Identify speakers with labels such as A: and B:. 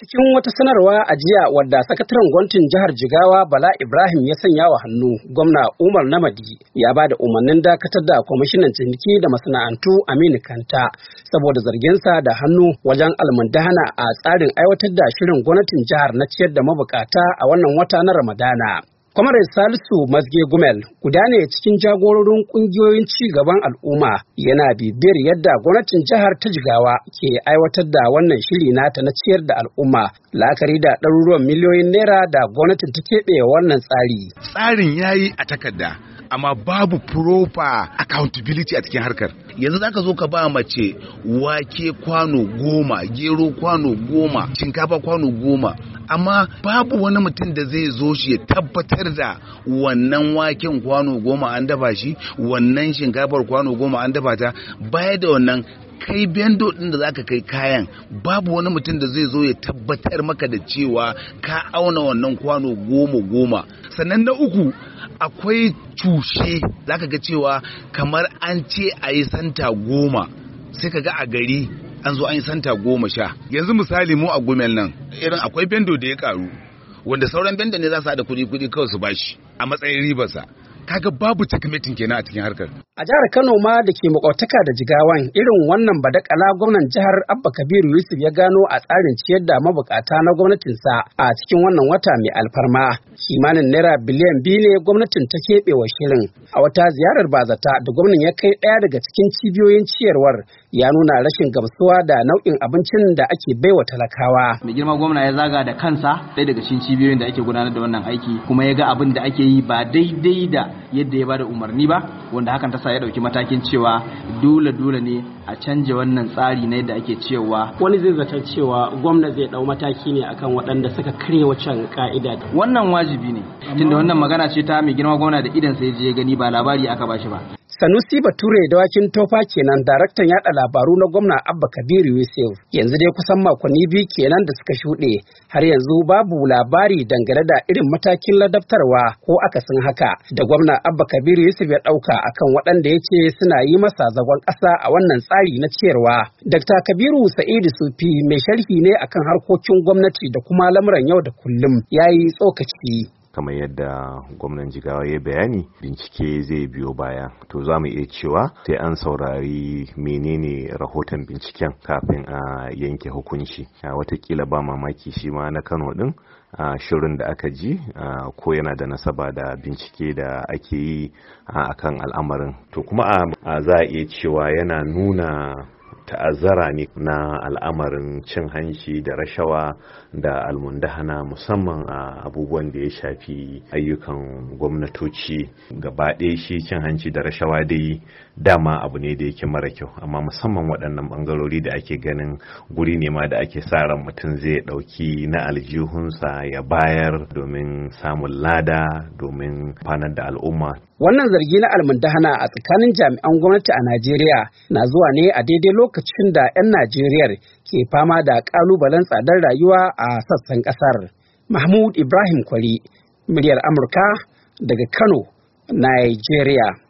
A: Cikin wata sanarwa a jiya wadda sakataren gwamnatin jihar Jigawa Bala Ibrahim ya sanya wa hannu, gwamna Umar Namadi ya ba da umarnin dakatar da kwamishinan ciniki da masana'antu Aminu Kanta saboda zarginsa da hannu wajen almundahana a tsarin aiwatar da shirin gwamnatin jihar na ciyar da mabukata a wannan wata na Ramadana. Kwamarar Salisu Masge Gumel guda ne cikin jagororin kungiyoyin ci gaban al'umma yana bibiyar yadda gwamnatin jihar ta jigawa ke aiwatar da wannan shiri nata na ciyar da al'umma la'akari da ɗaruruwan miliyoyin naira da gwamnatin ta keɓe wannan tsari. Tsarin
B: yayi a takarda amma babu proper accountability a cikin harkar yanzu zaka zo ka ba mace wake kwano goma gero kwano goma shinkafa kwano goma amma babu wani mutum da zai zo shi ya tabbatar da wannan waken kwano goma an dafa shi wannan shinkafar kwano goma an dafa ta baya da wannan kai bendo din da zaka kai kayan babu wani mutum da zai zo ya tabbatar maka da cewa ka auna wannan kwano goma goma sannan na uku akwai cushe zaka ga cewa kamar an ce a yi santa goma sai ka ga a gari an zo an yi santa goma sha yanzu misali mu a gomel nan irin akwai bendo da ya karu wanda sauran bendo ne za su haɗa kuɗi kuɗi kawai su bashi a matsayin ribarsa kaga babu takamitin kenan a cikin harkar a
A: jihar Kano ma da ke makwataka da jigawan irin wannan badakala gwamnan jihar Abba Kabiru Yusuf ya gano a tsarin ciyar da mabukata na gwamnatinsa a cikin wannan wata mai alfarma kimanin naira biliyan biyu ne gwamnatin ta keɓe wa shirin a wata ziyarar bazata da gwamnan ya kai ɗaya daga cikin cibiyoyin ciyarwar ya nuna rashin gamsuwa da nau'in abincin da ake baiwa talakawa. Mai
C: girma gwamna ya zaga da kansa ɗaya daga cikin cibiyoyin da ake gudanar da wannan aiki kuma ya ga abin da ake yi ba daidai da yadda ya bada umarni ba wanda hakan ta sa ya ɗauki matakin cewa dole dole ne a canja wannan tsari na yadda ake cewa wani zai zata cewa gwamna zai ɗau mataki ne akan waɗanda suka karya wacan ka'ida wannan wajibi ne tunda wannan magana ce ta mai girma gwamna da idan sai je gani ba labari aka bashi ba
A: Sanusi Bature da wakin tofa kenan daraktan yada labaru na gwamna Abba Kabiru Yusuf yanzu dai kusan makonni biyu kenan da suka shuɗe har yanzu babu labari dangane da irin matakin ladabtarwa ko aka sun haka da gwamna Abba Kabiru Yusuf ya ɗauka akan waɗanda ya ce suna yi masa zagon ƙasa a wannan tsari na ciyarwa. Dr. Kabiru Sa'idu Sufi mai sharhi ne akan harkokin gwamnati da kuma lamuran yau da kullum ya yi tsokaci
D: kamar yadda gwamnan jigawa ya bayani bincike zai biyo baya to za mu iya cewa sai an saurari menene rahoton binciken kafin a yanke hukunci A watakila ba mamaki shi ma na kano din a shirin da aka ji ko yana da nasaba da bincike da ake yi a kan al'amarin to kuma za a iya cewa yana nuna ta'azzara ne na al'amarin cin hanci da rashawa da almundahana musamman a abubuwan da ya shafi ayyukan gwamnatoci gaba ɗaya shi cin hanci da rashawa dai dama abu ne da yake mara kyau amma musamman waɗannan bangarori da ake ganin guri ne ma da ake sa ran mutum zai ɗauki na aljihunsa ya bayar domin samun lada domin fanar da al'umma
A: wannan zargi na almundahana a tsakanin jami'an gwamnati a najeriya na zuwa ne a daidai lokacin lokacin da 'yan Najeriyar ke fama da ƙalubalen tsadar rayuwa a sassan ƙasar. Mahmud Ibrahim Kwari, muryar Amurka daga Kano, Nigeria.